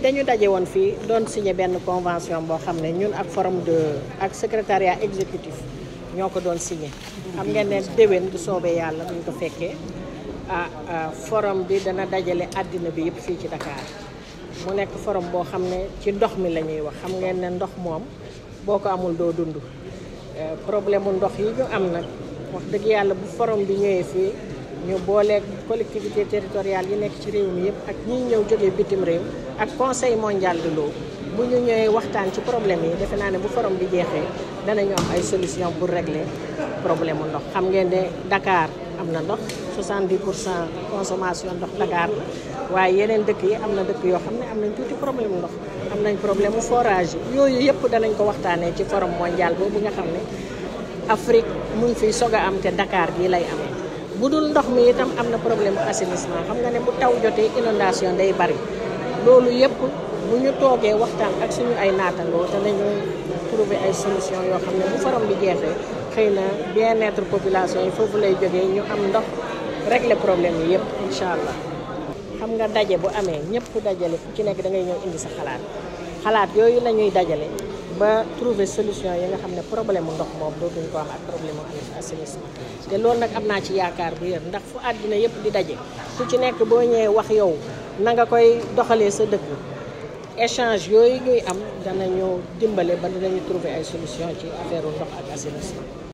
tey dañu daje woon fii doon signé benn convention boo xam ne ñun ak forum de ak secretariat exécutif ñoo ko doon signé. xam ngeen ne déwén bu soobee yàlla buñ ko fekkee ah, ah forum bi dana dajale àddina bi yëpp fii ci Dakar mu nekk forum boo xam ne ci ndox mi la ñuy wax xam ngeen ne ndox moom boo ko amul doo dund eh, problème mu ndox yi ñu am nag wax dëgg yàlla bu forum bi ñëwee fii. ñu booleeg collectivité territoriale yi nekk ci réew mi yëpp ak ñiy ñëw jógee bitim réew ak conseil mondial de l'eau bu ñu ñëwee waxtaan ci problème yi defe naa ne bu forom bi jeexee danañu am ay solution pour régler problème mu ndox xam ngeen ne Dakar am na ndox 70 pour cent consommation ndox Dakar la waaye yeneen dëkk yi am na dëkk yoo xam ne am nañ tuuti problème ndox am nañ problème mu forage yi yooyu yëpp danañ ko waxtaanee ci forom mondial boobu nga xam ne Afrique mu ngi fiy soog a am te Dakar gii lay am bu dul ndox mi itam am na problème assainissement xam nga ne bu taw jotee inondation day bari loolu yëpp bu ñu toogee waxtaan ak suñu ay naatangoo te dañu trouver ay solution yoo xam ne bu forom bi jeexee xëy na bien-être population yi foofu lay jógee ñu am ndox régler problème yi yëpp incha allah xam nga daje bu amee ñëpp dajale fu ci nekk da ngay ñëw indi sa xalaat xalaat yooyu la ñuy dajale ba trouver solution yi nga xam ne problème mu ndox moom dootuñ ko am ak problème mu assainissement te loolu nag am naa ci yaakaar bu yër ndax fu àddina yëpp di daje su ci nekk boo ñëwee wax yow na nga koy doxalee sa dëkk échange yooyu ñuy am danañu dimbale ba dinañu trouver ay solution ci affaire ndox ak assainissement